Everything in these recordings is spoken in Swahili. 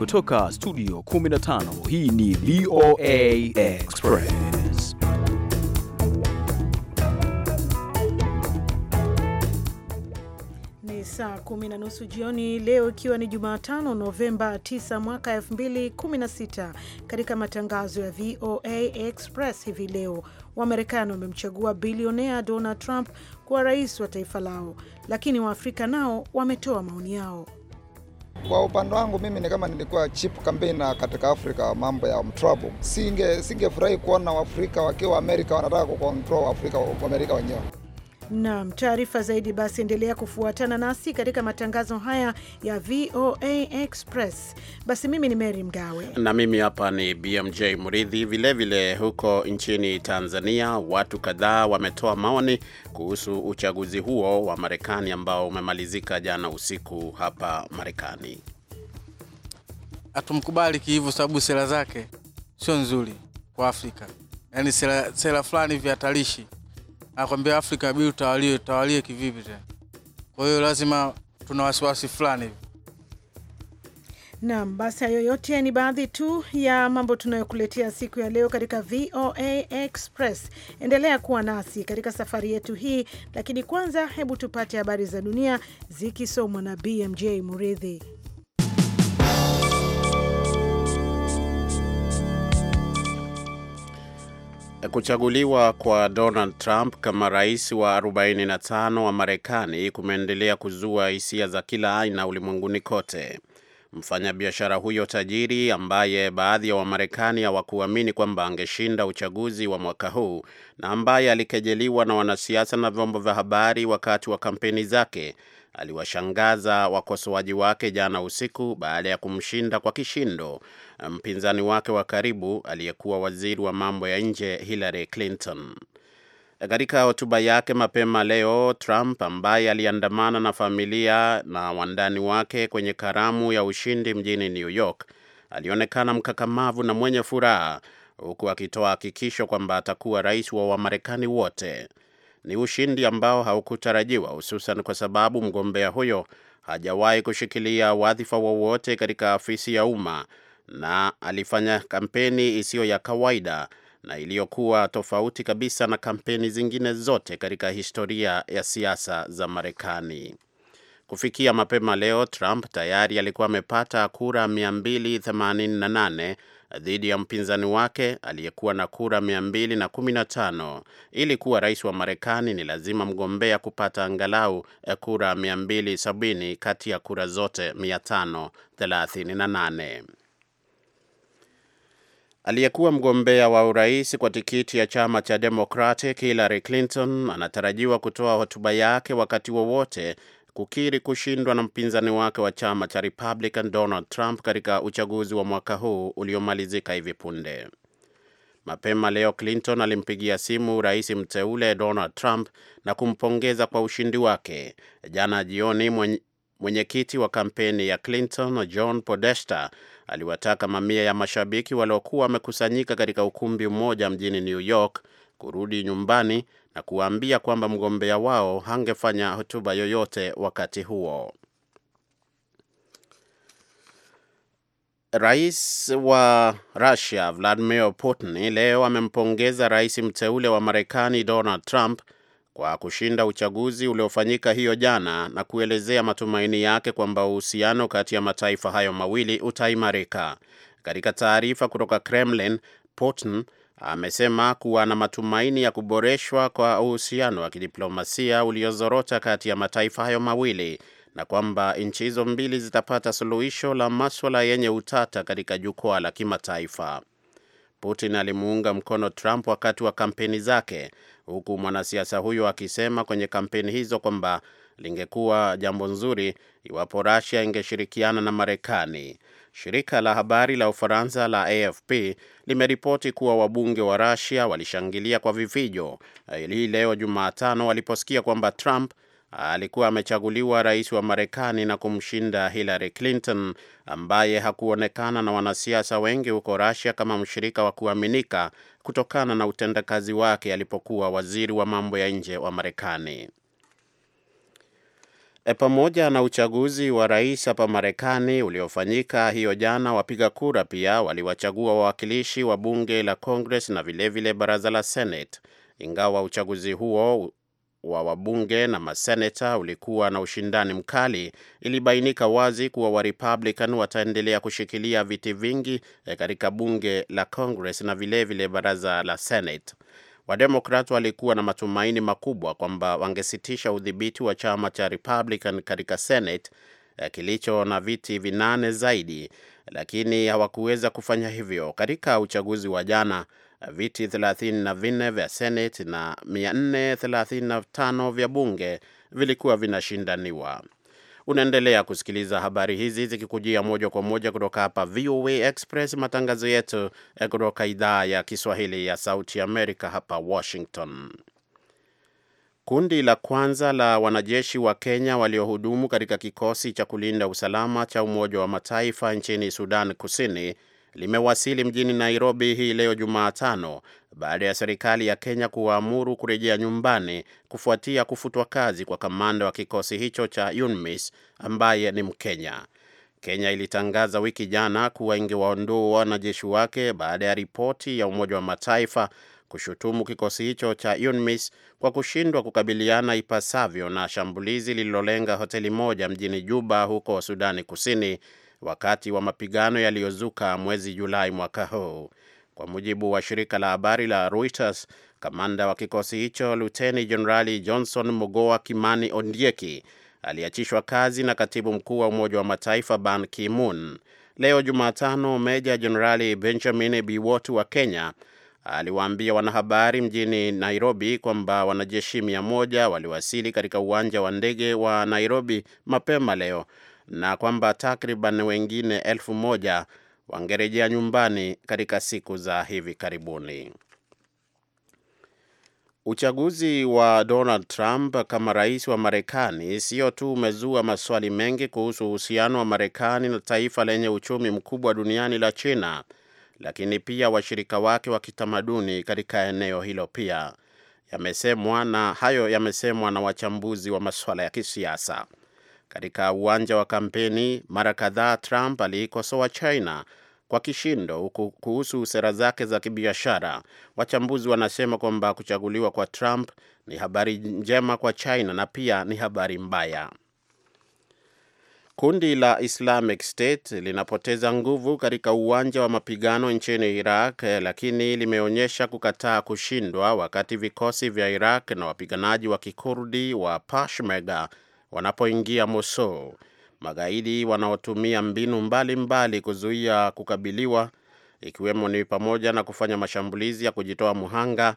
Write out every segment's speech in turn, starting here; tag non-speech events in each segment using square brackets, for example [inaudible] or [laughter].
kutoka studio 15 hii ni VOA Express ni saa kumi na nusu jioni leo ikiwa ni Jumatano Novemba 9 mwaka 2016 katika matangazo ya VOA Express hivi leo Wamarekani wamemchagua bilionea Donald Trump kuwa rais wa taifa lao lakini Waafrika nao wametoa maoni yao kwa upande wangu mimi ni kama nilikuwa chief campaigner katika Afrika, mambo ya mtrabu, singe singefurahi kuona Waafrika wakiwa Amerika wanataka kucontrol Waafrika Amerika wenyewe. Naam, taarifa zaidi basi endelea kufuatana nasi katika matangazo haya ya VOA Express. Basi mimi ni Mary Mgawe na mimi hapa ni BMJ Mridhi. Vilevile huko nchini Tanzania, watu kadhaa wametoa maoni kuhusu uchaguzi huo wa Marekani ambao umemalizika jana usiku hapa Marekani. Hatumkubali kihivyo, sababu sera zake sio nzuri kwa Afrika, yaani sera, sera fulani vya hatarishi anakwambia Afrika bi utawalie, utawalie kivipi tena? Kwa hiyo lazima tuna wasiwasi fulani hivi. Naam, basi hayo yote ni baadhi tu ya mambo tunayokuletea siku ya leo katika VOA Express. Endelea kuwa nasi katika safari yetu hii, lakini kwanza, hebu tupate habari za dunia zikisomwa na BMJ Muridhi. Kuchaguliwa kwa Donald Trump kama rais wa 45 wa Marekani kumeendelea kuzua hisia za kila aina ulimwenguni kote. Mfanyabiashara huyo tajiri ambaye baadhi ya Wamarekani hawakuamini kwamba angeshinda uchaguzi wa mwaka huu na ambaye alikejeliwa na wanasiasa na vyombo vya habari wakati wa kampeni zake aliwashangaza wakosoaji wake jana usiku baada ya kumshinda kwa kishindo mpinzani wake wa karibu aliyekuwa waziri wa mambo ya nje Hillary Clinton. Katika hotuba yake mapema leo, Trump ambaye aliandamana na familia na wandani wake kwenye karamu ya ushindi mjini New York alionekana mkakamavu na mwenye furaha huku akitoa hakikisho kwamba atakuwa rais wa Wamarekani wote. Ni ushindi ambao haukutarajiwa hususan kwa sababu mgombea huyo hajawahi kushikilia wadhifa wowote katika afisi ya umma na alifanya kampeni isiyo ya kawaida na iliyokuwa tofauti kabisa na kampeni zingine zote katika historia ya siasa za Marekani. Kufikia mapema leo, Trump tayari alikuwa amepata kura 288 dhidi ya mpinzani wake aliyekuwa na kura 215. Ili kuwa rais wa Marekani ni lazima mgombea kupata angalau eh, kura 270 kati ya kura zote 538. Aliyekuwa mgombea wa urais kwa tikiti ya chama cha Democratic Hillary Clinton anatarajiwa kutoa hotuba yake wakati wowote kukiri kushindwa na mpinzani wake wa chama cha Republican Donald Trump katika uchaguzi wa mwaka huu uliomalizika hivi punde. Mapema leo Clinton alimpigia simu rais mteule Donald Trump na kumpongeza kwa ushindi wake. Jana jioni mwenyekiti wa kampeni ya Clinton John Podesta aliwataka mamia ya mashabiki waliokuwa wamekusanyika katika ukumbi mmoja mjini New York kurudi nyumbani na kuwaambia kwamba mgombea wao hangefanya hotuba yoyote wakati huo. Rais wa Russia Vladimir Putin leo amempongeza rais mteule wa Marekani Donald Trump kwa kushinda uchaguzi uliofanyika hiyo jana na kuelezea matumaini yake kwamba uhusiano kati ya mataifa hayo mawili utaimarika. Katika taarifa kutoka Kremlin, Putin amesema kuwa na matumaini ya kuboreshwa kwa uhusiano wa kidiplomasia uliozorota kati ya mataifa hayo mawili na kwamba nchi hizo mbili zitapata suluhisho la maswala yenye utata katika jukwaa la kimataifa. Putin alimuunga mkono Trump wakati wa kampeni zake, huku mwanasiasa huyo akisema kwenye kampeni hizo kwamba lingekuwa jambo nzuri iwapo Russia ingeshirikiana na Marekani. Shirika la habari la Ufaransa la AFP limeripoti kuwa wabunge wa Russia walishangilia kwa vifijo eh, hii leo Jumatano waliposikia kwamba Trump alikuwa amechaguliwa rais wa Marekani na kumshinda Hillary Clinton ambaye hakuonekana na wanasiasa wengi huko Russia kama mshirika wa kuaminika kutokana na utendakazi wake alipokuwa waziri wa mambo ya nje wa Marekani. E, pamoja na uchaguzi wa rais hapa Marekani uliofanyika hiyo jana, wapiga kura pia waliwachagua wawakilishi wa bunge la Congress na vilevile vile baraza la Senate. Ingawa uchaguzi huo wa wabunge na maseneta ulikuwa na ushindani mkali, ilibainika wazi kuwa Warepublican wataendelea kushikilia viti vingi eh, katika bunge la Congress na vilevile vile baraza la Senate. Wademokrat walikuwa na matumaini makubwa kwamba wangesitisha udhibiti wa chama cha Republican katika Senate eh, kilicho na viti vinane zaidi, lakini hawakuweza kufanya hivyo. Katika uchaguzi wa jana, viti 34 vya Senate na 435 vya bunge vilikuwa vinashindaniwa. Unaendelea kusikiliza habari hizi zikikujia moja kwa moja kutoka hapa VOA Express, matangazo yetu eh, kutoka idhaa ya Kiswahili ya Sauti Amerika hapa Washington. Kundi la kwanza la wanajeshi wa Kenya waliohudumu katika kikosi cha kulinda usalama cha Umoja wa Mataifa nchini Sudan Kusini limewasili mjini Nairobi hii leo Jumatano baada ya serikali ya Kenya kuwaamuru kurejea nyumbani kufuatia kufutwa kazi kwa kamanda wa kikosi hicho cha UNMISS ambaye ni Mkenya. Kenya ilitangaza wiki jana kuwa ingewaondoa wanajeshi wake baada ya ripoti ya Umoja wa Mataifa kushutumu kikosi hicho cha UNMISS kwa kushindwa kukabiliana ipasavyo na shambulizi lililolenga hoteli moja mjini Juba huko Sudani Kusini wakati wa mapigano yaliyozuka mwezi Julai mwaka huu. Kwa mujibu wa shirika la habari la Reuters, kamanda wa kikosi hicho Luteni Jenerali Johnson Mogoa Kimani Ondieki aliachishwa kazi na katibu mkuu wa Umoja wa Mataifa Ban Ki-moon. Leo Jumatano, Meja Jenerali Benjamin Biwott wa Kenya aliwaambia wanahabari mjini Nairobi kwamba wanajeshi mia moja waliwasili katika uwanja wa ndege wa Nairobi mapema leo na kwamba takriban wengine elfu moja wangerejea nyumbani katika siku za hivi karibuni. Uchaguzi wa Donald Trump kama rais wa Marekani sio tu umezua maswali mengi kuhusu uhusiano wa Marekani na taifa lenye uchumi mkubwa duniani la China, lakini pia washirika wake wa kitamaduni katika eneo hilo pia yamesemwa, na hayo yamesemwa na wachambuzi wa masuala ya kisiasa. Katika uwanja wa kampeni, mara kadhaa Trump aliikosoa China kwa kishindo kuhusu sera zake za kibiashara. Wachambuzi wanasema kwamba kuchaguliwa kwa Trump ni habari njema kwa China na pia ni habari mbaya. Kundi la Islamic State linapoteza nguvu katika uwanja wa mapigano nchini Iraq, lakini limeonyesha kukataa kushindwa, wakati vikosi vya Iraq na wapiganaji wa Kikurdi wa Peshmerga wanapoingia Mosul. Magaidi wanaotumia mbinu mbalimbali mbali kuzuia kukabiliwa, ikiwemo ni pamoja na kufanya mashambulizi ya kujitoa muhanga,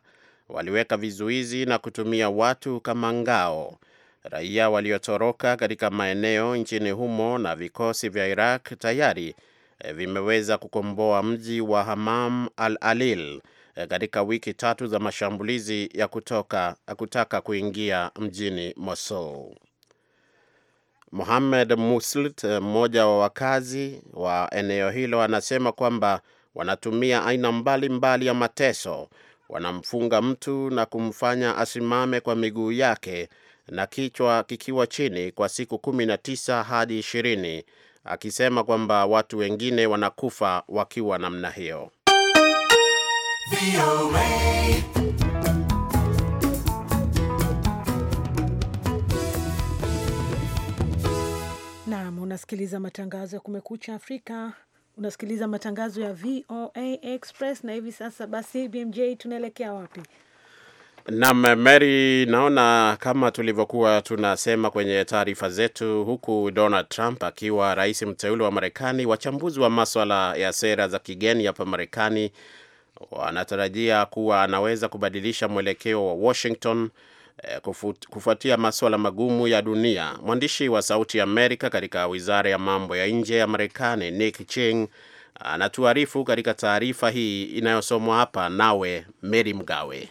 waliweka vizuizi na kutumia watu kama ngao. Raia waliotoroka katika maeneo nchini humo na vikosi vya Iraq tayari eh, vimeweza kukomboa mji wa Hamam al-Alil eh, katika wiki tatu za mashambulizi ya kutoka, kutaka kuingia mjini Mosul. Mohamed Muslit, eh, mmoja wa wakazi wa eneo hilo, anasema kwamba wanatumia aina mbalimbali mbali ya mateso. Wanamfunga mtu na kumfanya asimame kwa miguu yake na kichwa kikiwa chini kwa siku kumi na tisa hadi ishirini, akisema kwamba watu wengine wanakufa wakiwa namna hiyo. Nam, unasikiliza matangazo ya Kumekucha Afrika, unasikiliza matangazo ya VOA Express na hivi sasa basi, BMJ, tunaelekea wapi? Nam Mary, naona kama tulivyokuwa tunasema kwenye taarifa zetu, huku Donald Trump akiwa rais mteule wa Marekani, wachambuzi wa maswala ya sera za kigeni hapa Marekani wanatarajia kuwa anaweza kubadilisha mwelekeo wa Washington Eh, kufuatia maswala magumu ya dunia. Mwandishi wa Sauti Amerika katika wizara ya mambo ya nje ya Marekani, Nick Ching, anatuarifu katika taarifa hii inayosomwa hapa nawe Meri Mgawe.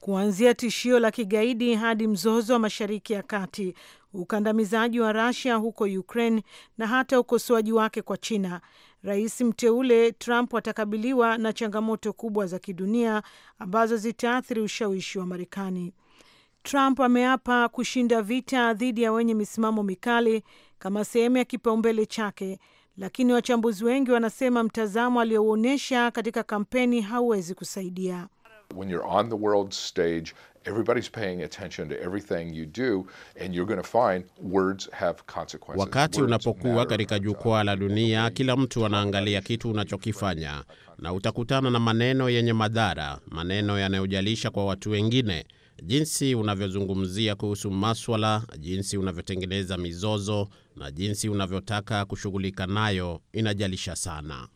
Kuanzia tishio la kigaidi hadi mzozo wa Mashariki ya Kati, ukandamizaji wa rasia huko Ukraine na hata ukosoaji wake kwa China Rais mteule Trump atakabiliwa na changamoto kubwa za kidunia ambazo zitaathiri ushawishi wa Marekani. Trump ameapa kushinda vita dhidi ya wenye misimamo mikali kama sehemu ya kipaumbele chake, lakini wachambuzi wengi wanasema mtazamo aliyouonyesha katika kampeni hauwezi kusaidia. When you're on the world stage, everybody's paying attention to everything you do and you're going to find words have consequences. Wakati unapokuwa katika jukwaa la dunia, kila mtu anaangalia kitu unachokifanya na utakutana na maneno yenye madhara, maneno yanayojalisha kwa watu wengine, jinsi unavyozungumzia kuhusu maswala, jinsi unavyotengeneza mizozo na jinsi unavyotaka kushughulika nayo inajalisha sana.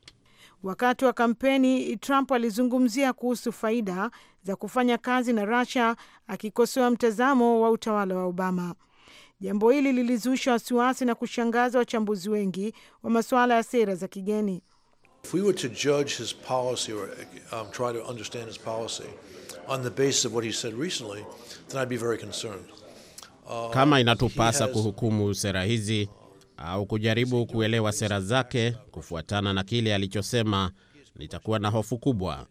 Wakati wa kampeni, Trump alizungumzia kuhusu faida za kufanya kazi na Russia, akikosoa mtazamo wa utawala wa Obama. Jambo hili lilizusha wasiwasi na kushangaza wachambuzi wengi wa masuala ya sera za kigeni. Um, Kama inatupasa kuhukumu sera hizi au kujaribu kuelewa sera zake kufuatana na kile alichosema, nitakuwa na hofu kubwa.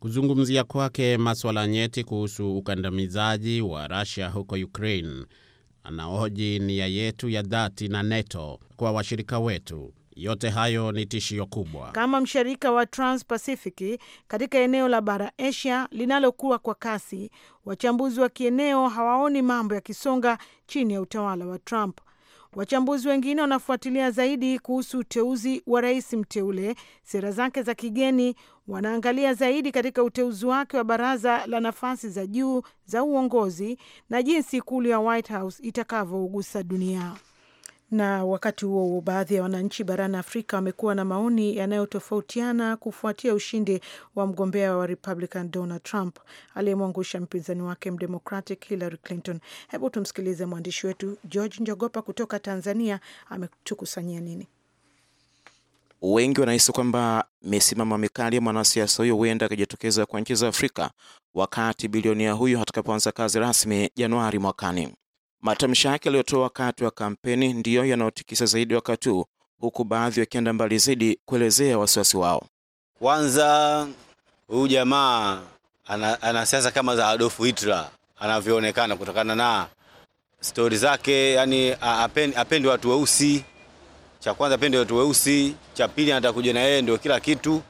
Kuzungumzia kwake maswala nyeti kuhusu ukandamizaji wa rasia huko Ukraine anaoji nia yetu ya dhati na NATO kwa washirika wetu. Yote hayo ni tishio kubwa. Kama mshirika wa trans katika eneo la bara Asia linalokuwa kwa kasi, wachambuzi wa kieneo hawaoni mambo yakisonga chini ya utawala wa Trump. Wachambuzi wengine wanafuatilia zaidi kuhusu uteuzi wa rais mteule, sera zake za kigeni. Wanaangalia zaidi katika uteuzi wake wa baraza la nafasi za juu za uongozi na jinsi ikulu ya White House dunia. Na wakati huo huo, baadhi ya wananchi barani Afrika wamekuwa na maoni yanayotofautiana kufuatia ushindi wa mgombea wa Republican Donald Trump aliyemwangusha mpinzani wake Mdemocratic Hillary Clinton. Hebu tumsikilize mwandishi wetu George Njogopa kutoka Tanzania, ametukusanyia nini. Wengi wanahisi kwamba misimamo mikali ya mwanasiasa huyo huenda akijitokeza kwa nchi za Afrika wakati bilionia huyo atakapoanza kazi rasmi Januari mwakani. Matamshi yake aliyotoa wakati wa kampeni ndiyo yanayotikisa zaidi wakati huu, huku baadhi wakienda mbali zaidi kuelezea wasiwasi wao. Kwanza, huyu jamaa ana, ana siasa kama za Adolf Hitler anavyoonekana kutokana na stori zake, yani apendi, apendi watu weusi. Cha kwanza apendi watu weusi, cha pili anataka kuja na yeye ndio kila kitu,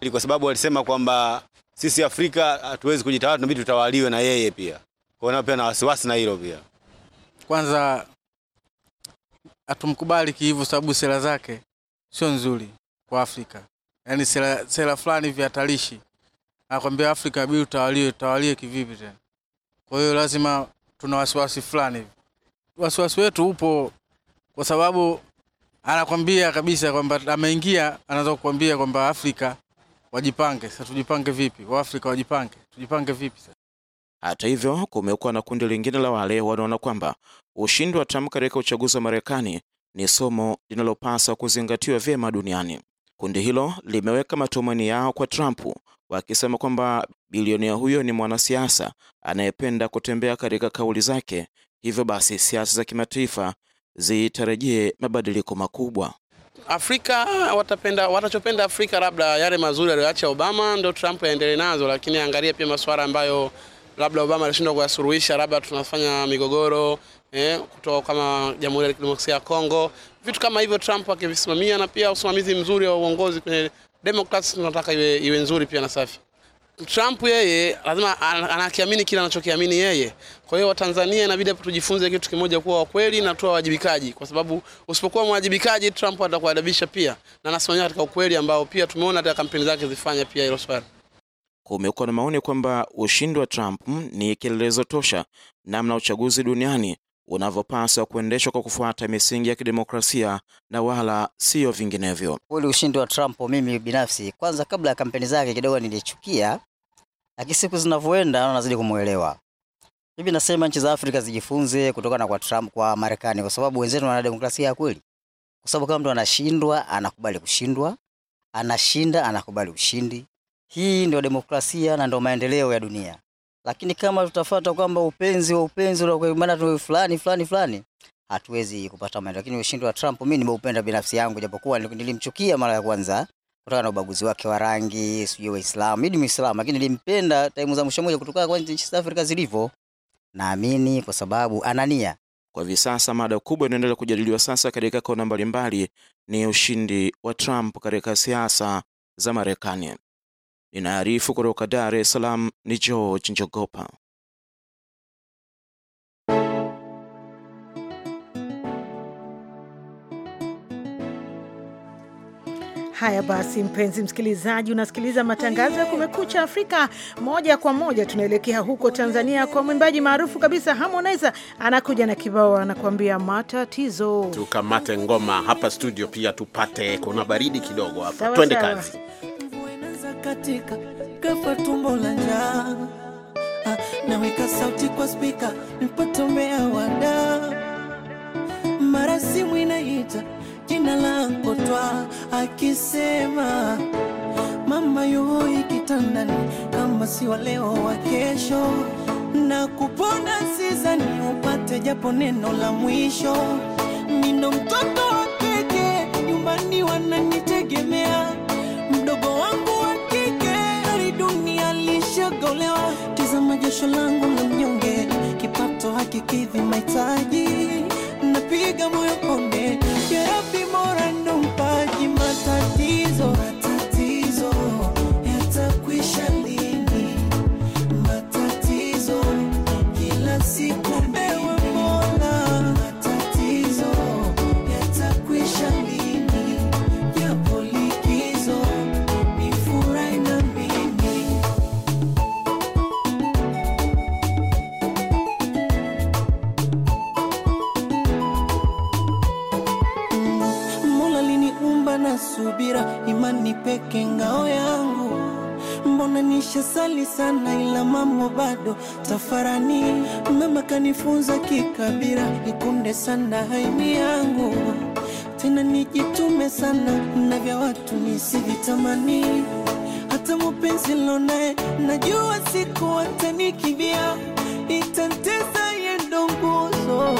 ili kwa sababu alisema kwamba sisi Afrika hatuwezi kujitawala, tunabidi tutawaliwe na yeye pia. Kwa hiyo pia na wasiwasi na hilo pia kwanza hatumkubali kihivu, sababu sera zake sio nzuri kwa Afrika. Yani sera, sera fulani hivi hatarishi, anakwambia Afrika bidi utawalie. Utawalie kivipi tena? Kwa hiyo lazima tuna wasiwasi fulani hivi. Wasiwasi wetu upo kwa sababu anakwambia kabisa kwamba ameingia, anaweza kukwambia kwamba Afrika wajipange. Sasa tujipange vipi? Waafrika wajipange, tujipange vipi sasa? Hata hivyo, kumekuwa na kundi lingine la wale wanaona kwamba ushindi wa Trump katika uchaguzi wa Marekani ni somo linalopaswa kuzingatiwa vyema duniani. Kundi hilo limeweka matumaini yao kwa Trump, wakisema kwamba bilionea huyo ni mwanasiasa anayependa kutembea katika kauli zake, hivyo basi siasa za kimataifa zitarajie mabadiliko makubwa. Afrika watapenda, watachopenda Afrika labda yale mazuri aliyoacha Obama, ndio Trump aendelee nazo, lakini angalia pia masuala ambayo labda Obama alishindwa kuyasuluhisha, labda tunafanya migogoro eh, kutoka kama Jamhuri ya Kidemokrasia ya Kongo, vitu kama hivyo Trump akivisimamia, na pia usimamizi mzuri wa uongozi kwenye Democrats tunataka iwe, iwe nzuri pia na safi. Trump yeye lazima anakiamini kile anachokiamini yeye. Kwa hiyo Watanzania inabidi tujifunze kitu kimoja, kuwa wakweli na tuwa wajibikaji, kwa sababu usipokuwa mwajibikaji Trump atakuadabisha pia, na anasimamia katika ukweli ambao pia tumeona hata kampeni zake zifanya pia hilo swali. Kumekuwa na maoni kwamba ushindi wa Trump mm, ni kielelezo tosha namna uchaguzi duniani unavyopaswa kuendeshwa kwa kufuata misingi ya kidemokrasia na wala siyo vinginevyo. Ule ushindi wa Trump, mimi binafsi, kwanza kabla ya kampeni zake kidogo nilichukia, lakini siku zinavyoenda nazidi kumwelewa. Mimi nasema nchi za Afrika zijifunze kutokana kwa Trump kwa Marekani, kwa sababu wenzetu wana demokrasia ya kweli, kwa sababu kama mtu anashindwa anakubali kushindwa, anashinda anakubali ushindi. Hii ndio demokrasia na ndio maendeleo ya dunia. Lakini kama tutafata kwamba upenzi wa upenzi maana fulani fulani fulani, hatuwezi kupata maendeleo. Lakini ushindi wa Trump mimi nimeupenda binafsi yangu, japokuwa nilimchukia mara ya kwanza kutokana na ubaguzi wake wa rangi, sijui Waislamu. Mimi ni Muislamu, lakini nilimpenda taimu za mwisho moja kutokana kwa nchi za Afrika zilivyo, naamini kwa sababu anania kwa hivi sasa mada kubwa inaendelea kujadiliwa sasa katika kona mbalimbali ni ushindi wa Trump katika siasa za Marekani. Ninaarifu kutoka Dar es Salaam ni George Njogopa. Haya basi, mpenzi msikilizaji, unasikiliza matangazo ya Kumekucha Afrika moja kwa moja. Tunaelekea huko Tanzania kwa mwimbaji maarufu kabisa Harmonize, anakuja na kibao anakuambia matatizo. Tukamate ngoma hapa studio, pia tupate, kuna baridi kidogo hapa, twende kazi katika kafa tumbo la njaa, ah, naweka sauti kwa spika nipatomea wada, mara simu inaita jina la kotwa akisema mama yoi kitandani, kama si wa leo wa kesho, na kuponda sizani upate japo neno la mwisho. Nindo mtoto wa keke nyumbani wanani jasho langu la mnyonge, kipato hakikidhi mahitaji, napiga moyo konde, yeah, mbona sali sana ila mamo bado tafarani. Mama kanifunza kikabira nikunde sana haini yangu tena, nijitume sana na vya watu nisivitamani. Hata mupenzi lonaye najua siku watanikibia, itantesa yendo nguzo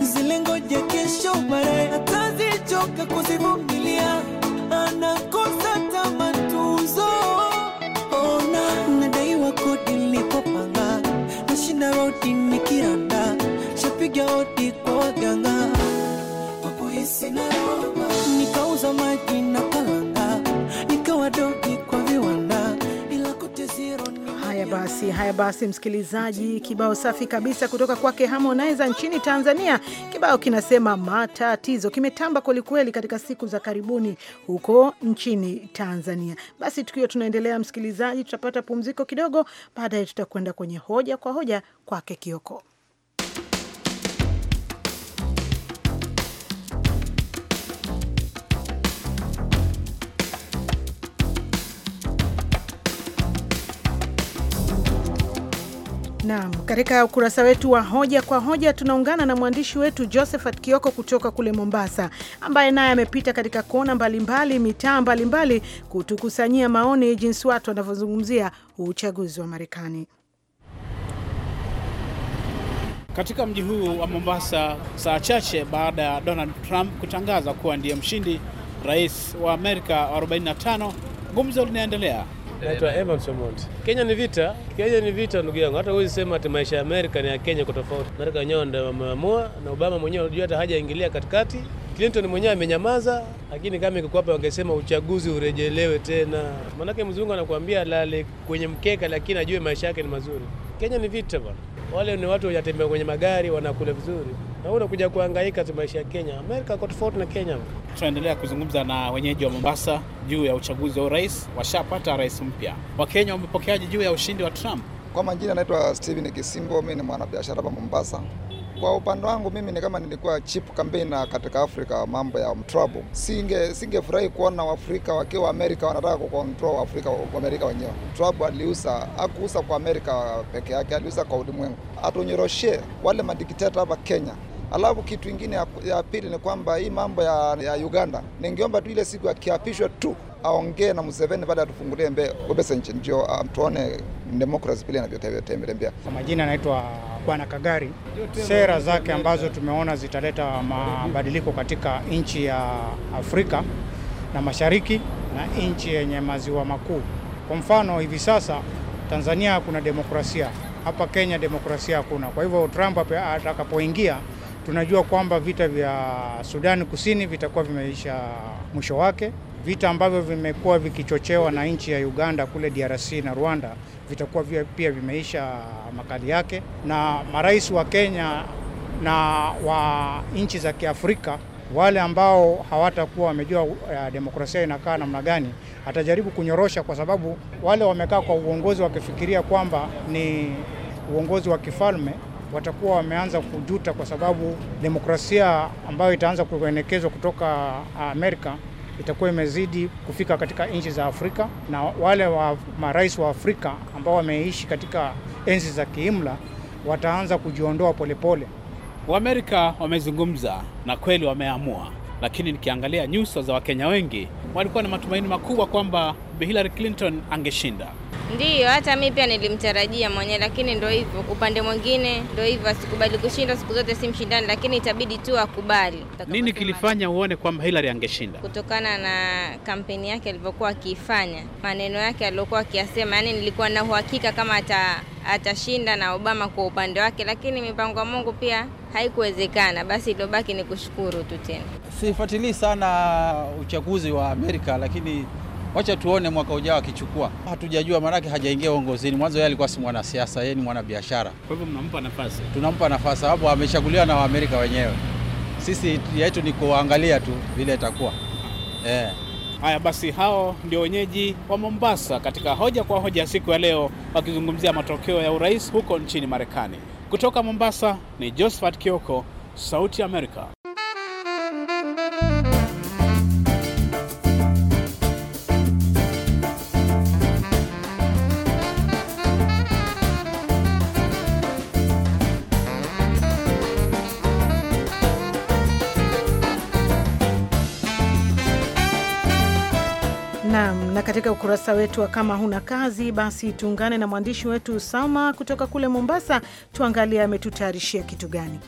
zilengoja kesho baadaye atazichoka kuzivumilia Nenda roti nikianda, shapiga hodi kwa waganga, wapo hisi nikauza maji basi, haya basi, msikilizaji, kibao safi kabisa kutoka kwake Harmonize nchini Tanzania. Kibao kinasema matatizo, kimetamba kwelikweli katika siku za karibuni huko nchini Tanzania. Basi tukiwa tunaendelea, msikilizaji, tutapata pumziko kidogo, baadaye tutakwenda kwenye hoja kwa hoja kwake Kioko. Naam, katika ukurasa wetu wa hoja kwa hoja tunaungana na mwandishi wetu Josephat Kioko kutoka kule Mombasa, ambaye naye amepita katika kona mbalimbali, mitaa mbalimbali, kutukusanyia maoni jinsi watu wanavyozungumzia uchaguzi wa Marekani. Katika mji huu wa Mombasa, saa chache baada ya Donald Trump kutangaza kuwa ndiye mshindi rais wa Amerika 45, gumzo linaendelea Naitwa eh, Evan Somont. Eh. Kenya ni vita, Kenya ni vita ndugu yangu. Hata huwezi sema ati maisha ya Amerika ni ya Kenya kwa tofauti. Amerika wenyewe ndio wameamua na Obama mwenyewe unajua hata hajaingilia katikati. Clinton mwenyewe amenyamaza, lakini kama ingekuwa hapa wangesema uchaguzi urejelewe tena. Maanake mzungu anakuambia lale kwenye mkeka, lakini ajue maisha yake ni mazuri. Kenya ni vita bwana. Wale ni watu wanatembea kwenye magari, wanakula vizuri na wewe unakuja kuhangaika tu maisha ya Kenya. Amerika kwa tofauti na Kenya. Tunaendelea kuzungumza na wenyeji wa Mombasa juu ya uchaguzi wa urais, washapata rais mpya. Wakenya wamepokeaje juu ya ushindi wa Trump? Kwa majina naitwa Steven Kisimbo, mimi ni mwanabiashara wa Mombasa. Kwa upande wangu mimi ni kama nilikuwa chip campaigner katika Afrika, mambo ya mtrabu. Singe singefurahi kuona Waafrika wakiwa Amerika wanataka control Afrika wa Amerika wenyewe. Trouble aliusa akuusa kwa Amerika peke yake, aliusa kwa ulimwengu. Atunyoroshe wale madikteta hapa Kenya. Alafu kitu ingine ya pili ni kwamba hii mambo ya, ya Uganda, ningeomba tu ile siku akiapishwa tu aongee na Museveni baada tufungulie mbe obesenchi ndio ah, tuone demokrasi pili inavyotembea. Kwa majina anaitwa Bwana Kagari. Sera zake ambazo tumeona zitaleta mabadiliko katika nchi ya Afrika na Mashariki na nchi yenye maziwa makuu. Kwa mfano, hivi sasa Tanzania kuna demokrasia, hapa Kenya demokrasia hakuna. Kwa hivyo Trump atakapoingia Tunajua kwamba vita vya Sudani Kusini vitakuwa vimeisha mwisho wake. Vita ambavyo vimekuwa vikichochewa na nchi ya Uganda kule DRC na Rwanda vitakuwa pia vimeisha makali yake, na marais wa Kenya na wa nchi za Kiafrika wale ambao hawatakuwa wamejua eh, demokrasia inakaa namna gani, atajaribu kunyorosha, kwa sababu wale wamekaa kwa uongozi wakifikiria kwamba ni uongozi wa kifalme watakuwa wameanza kujuta, kwa sababu demokrasia ambayo itaanza kuenekezwa kutoka uh, Amerika itakuwa imezidi kufika katika nchi za Afrika, na wale wa marais wa Afrika ambao wameishi katika enzi za kiimla wataanza kujiondoa polepole. Waamerika wamezungumza na kweli wameamua, lakini nikiangalia nyuso za Wakenya wengi walikuwa na matumaini makubwa kwamba Hillary Clinton angeshinda. Ndiyo, hata mi pia nilimtarajia mwenyewe, lakini ndo hivyo. Upande mwingine ndo hivyo, asikubali kushinda siku zote, si mshindani, lakini itabidi tu akubali. Nini kilifanya uone kwamba Hillary angeshinda? Kutokana na kampeni yake alivyokuwa akiifanya, maneno yake aliyokuwa akiyasema, yani nilikuwa na uhakika kama ata atashinda na Obama kwa upande wake, lakini mipango ya Mungu pia haikuwezekana. Basi iliyobaki ni kushukuru tu. Tena sifuatilii sana uchaguzi wa Amerika, lakini Wacha tuone mwaka ujao akichukua, hatujajua maanake hajaingia uongozini. Mwanzo yeye alikuwa si mwanasiasa, yeye ni mwanabiashara. Kwa hivyo mnampa nafasi? Tunampa nafasi, sababu amechaguliwa na Waamerika wenyewe. Sisi yetu ni kuangalia tu vile itakuwa ah. eh. Haya basi, hao ndio wenyeji wa Mombasa katika hoja kwa hoja siku ya leo, wakizungumzia matokeo ya urais huko nchini Marekani. Kutoka Mombasa ni Josephat Kioko, Sauti ya Amerika. katika ukurasa wetu wa kama huna kazi, basi tuungane na mwandishi wetu Sama kutoka kule Mombasa, tuangalie ametutayarishia kitu gani.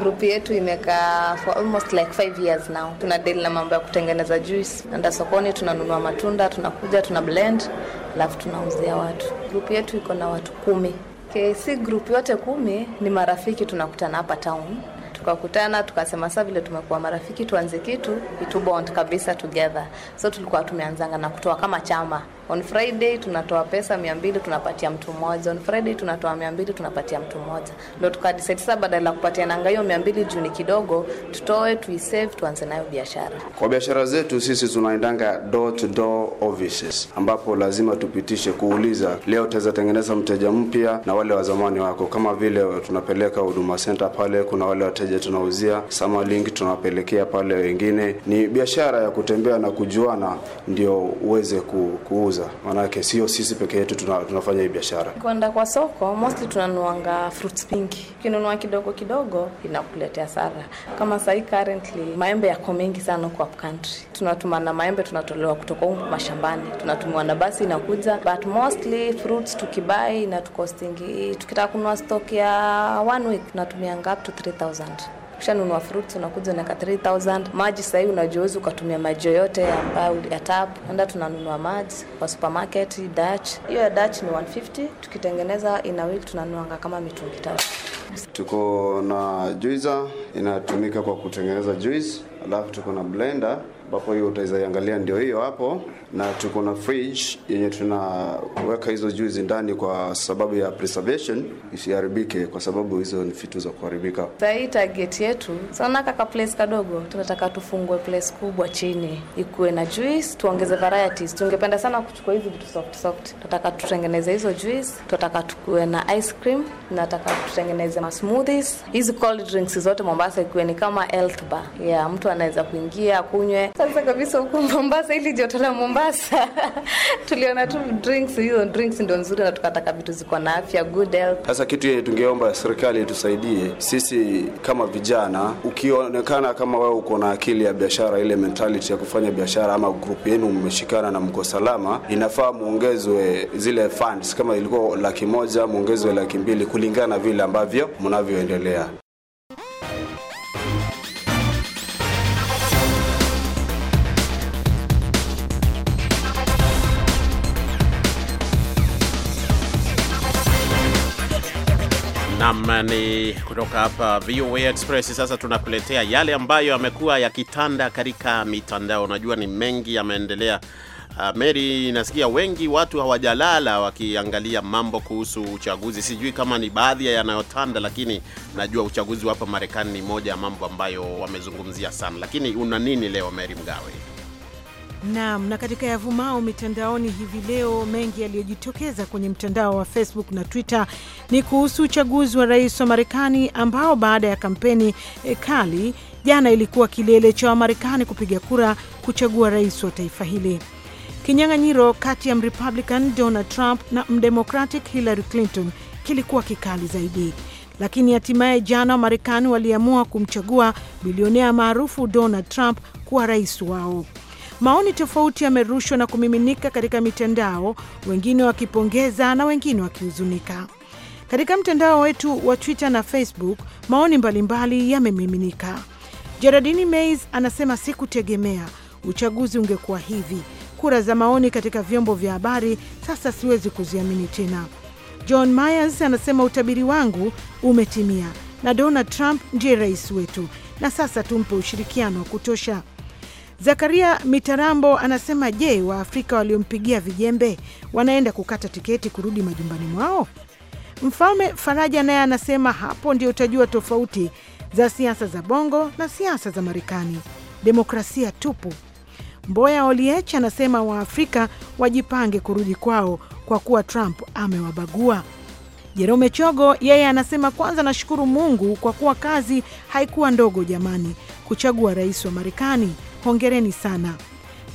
Grupu yetu imekaa for almost like 5 years now. Tuna deal na mambo ya kutengeneza juice, naenda sokoni, tunanunua matunda, tunakuja, tuna blend, alafu tunauzia watu. Grupu yetu iko na watu kumi. Okay, si grupu yote kumi ni marafiki tunakutana hapa town tukakutana tukasema, sasa vile tumekuwa marafiki, tuanze kitu itubond kabisa together. So tulikuwa tumeanzanga na kutoa kama chama On Friday tunatoa pesa mia mbili tunapatia mtu mmoja. On Friday tunatoa mia mbili tunapatia mtu mmoja. Ndio tukadecide sasa badala ya kupatia nanga hiyo mia mbili juu ni kidogo, tutoe tuisave, tuanze nayo biashara. Kwa biashara zetu sisi tunaendanga door to door offices, ambapo lazima tupitishe kuuliza, leo utaweza tengeneza mteja mpya na wale wa zamani wako, kama vile tunapeleka Huduma Center pale, kuna wale wateja tunauzia sama link tunawapelekea pale wengine. Ni biashara ya kutembea na kujuana, ndio uweze kuuza kuuza, maanake sio sisi peke yetu tuna, tunafanya hii biashara. Kwenda kwa soko mostly tunanuanga fruits pingi, ukinunua kidogo kidogo inakuletea sara. Kama sahii currently maembe yako mengi sana kwa country, tunatuma na maembe tunatolewa kutoka huko mashambani, tunatumiwa na basi inakuja, but mostly fruits tukibai na tukostingi, tukitaka kunua stock ya one week tunatumia up 3000 Ukishanunua fruits unakuja unaweka 3000. Maji sasa hivi ukatumia maji yoyote ambayo ya tap. Enda tunanunua maji kwa supermarket Dutch. Hiyo ya Dutch ni 150, tukitengeneza in a week tunanuanga kama mitungi tatu. Tuko na juicer inatumika kwa kutengeneza juice, alafu tuko na blender ambapo hiyo utaiangalia ndio hiyo hapo, na tuko na fridge yenye tunaweka hizo juice ndani kwa sababu ya preservation isiharibike, kwa sababu hizo ni vitu za kuharibika. Sasa target yetu sana kaka place kadogo, tunataka tufungue place kubwa chini ikuwe na juice, tuongeze varieties. Tungependa sana kuchukua hizi vitu soft soft, tunataka tutengeneze hizo juice, tunataka tukuwe na ice cream, nataka tutengeneze ma smoothies. Hizi cold drinks zote Mombasa ikuwe ni kama health bar, yeah, mtu anaweza kuingia kunywe sasa kabisa huku Mombasa, ili joto la Mombasa [laughs] tuliona tu drinks, hizo drinks ndio nzuri, na tukataka vitu ziko na afya, good health. Sasa kitu yenye tungeomba serikali itusaidie sisi kama vijana, ukionekana kama wewe uko na akili ya biashara, ile mentality ya kufanya biashara, ama grupu yenu mmeshikana na mko salama, inafaa muongezwe zile funds, kama ilikuwa laki moja muongezwe laki mbili kulingana na vile ambavyo mnavyoendelea. Nam ni kutoka hapa VOA Express. Sasa tunakuletea yale ambayo yamekuwa yakitanda katika mitandao. Unajua ni mengi yameendelea. Uh, Mary, nasikia wengi watu hawajalala wakiangalia mambo kuhusu uchaguzi. Sijui kama ni baadhi ya yanayotanda, lakini najua uchaguzi wa hapa Marekani ni moja ya mambo ambayo wamezungumzia sana. Lakini una nini leo Mary Mgawe? Naam, na katika yavumao mitandaoni hivi leo, mengi yaliyojitokeza kwenye mtandao wa Facebook na Twitter ni kuhusu uchaguzi wa rais wa Marekani ambao baada ya kampeni eh, kali jana ilikuwa kilele cha Wamarekani kupiga kura kuchagua rais wa taifa hili. Kinyang'anyiro kati ya Mrepublican Donald Trump na Mdemocratic Hillary Clinton kilikuwa kikali zaidi, lakini hatimaye jana Wamarekani waliamua kumchagua bilionea maarufu Donald Trump kuwa rais wao. Maoni tofauti yamerushwa na kumiminika katika mitandao, wengine wakipongeza na wengine wakihuzunika. Katika mtandao wetu wa Twitter na Facebook, maoni mbalimbali yamemiminika. Jeradini Mays anasema sikutegemea uchaguzi ungekuwa hivi. Kura za maoni katika vyombo vya habari sasa siwezi kuziamini tena. John Myers anasema utabiri wangu umetimia, na Donald Trump ndiye rais wetu, na sasa tumpe ushirikiano wa kutosha. Zakaria Mitarambo anasema je, Waafrika waliompigia vijembe wanaenda kukata tiketi kurudi majumbani mwao? Mfalme Faraja naye anasema hapo ndio utajua tofauti za siasa za Bongo na siasa za Marekani, demokrasia tupu. Mboya Oliech anasema Waafrika wajipange kurudi kwao kwa kuwa Trump amewabagua. Jerome Chogo yeye anasema kwanza, nashukuru Mungu kwa kuwa kazi haikuwa ndogo jamani, kuchagua rais wa Marekani hongereni sana.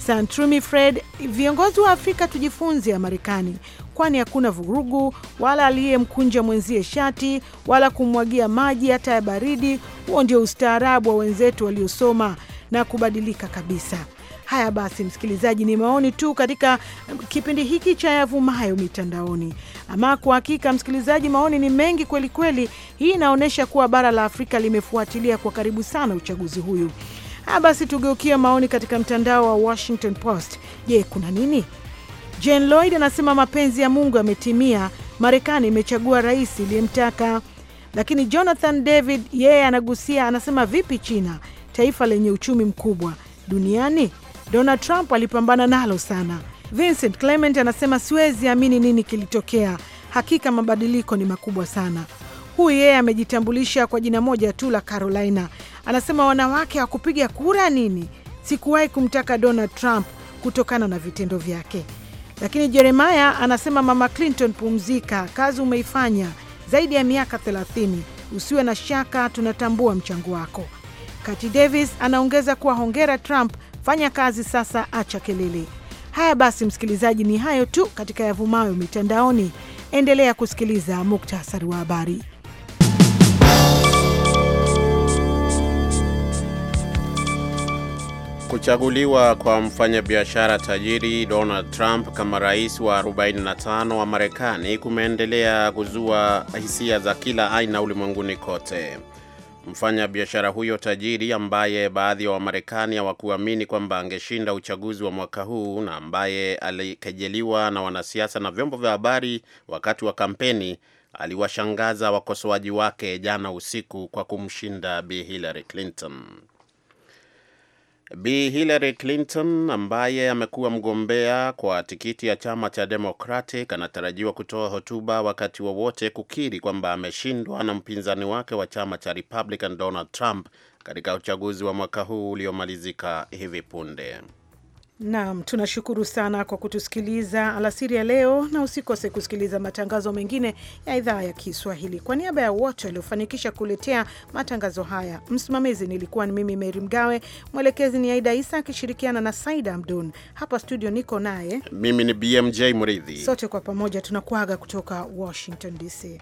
Santrumi Fred, viongozi wa Afrika tujifunze ya Marekani, kwani hakuna vurugu wala aliyemkunja mwenzie shati wala kumwagia maji hata ya baridi. Huo ndio ustaarabu wa wenzetu waliosoma na kubadilika kabisa. Haya basi, msikilizaji, ni maoni tu katika kipindi hiki cha yavumayo mitandaoni. Ama kwa hakika, msikilizaji, maoni ni mengi kweli kweli. Hii inaonyesha kuwa bara la Afrika limefuatilia kwa karibu sana uchaguzi huyu. Ah, basi tugeukia maoni katika mtandao wa Washington Post. Je, kuna nini? Jane Lloyd anasema mapenzi ya Mungu yametimia, Marekani imechagua rais iliyemtaka. Lakini Jonathan David yeye anagusia, anasema vipi China, taifa lenye uchumi mkubwa duniani? Donald Trump alipambana nalo sana. Vincent Clement anasema siwezi amini nini kilitokea, hakika mabadiliko ni makubwa sana. Huyu yeye amejitambulisha kwa jina moja tu la Carolina. Anasema wanawake hakupiga kura nini? Sikuwahi kumtaka Donald Trump kutokana na vitendo vyake. Lakini Jeremaya anasema mama Clinton, pumzika, kazi umeifanya zaidi ya miaka 30, usiwe na shaka, tunatambua mchango wako. Kati Davis anaongeza kuwa hongera Trump, fanya kazi sasa, acha kelele. Haya basi, msikilizaji, ni hayo tu katika yavumayo mitandaoni. Endelea kusikiliza muktasari wa habari. Kuchaguliwa kwa mfanyabiashara tajiri Donald Trump kama rais wa 45 wa Marekani kumeendelea kuzua hisia za kila aina ulimwenguni kote. Mfanyabiashara huyo tajiri ambaye baadhi ya wa Wamarekani hawakuamini kwamba angeshinda uchaguzi wa mwaka huu na ambaye alikejeliwa na wanasiasa na vyombo vya habari wakati wa kampeni aliwashangaza wakosoaji wake jana usiku kwa kumshinda Bi Hillary Clinton. Bi Hillary Clinton ambaye amekuwa mgombea kwa tikiti ya chama cha Democratic anatarajiwa kutoa hotuba wakati wowote wa kukiri kwamba ameshindwa na mpinzani wake wa chama cha Republican Donald Trump katika uchaguzi wa mwaka huu uliomalizika hivi punde. Naam, tunashukuru sana kwa kutusikiliza alasiri ya leo, na usikose kusikiliza matangazo mengine ya idhaa ya Kiswahili. Kwa niaba ya wote waliofanikisha kuletea matangazo haya, msimamizi nilikuwa ni mimi Meri Mgawe, mwelekezi ni Aida Isa akishirikiana na Saida amdun Hapa studio niko naye mimi ni BMJ mridhi Sote kwa pamoja tunakuaga kutoka Washington DC.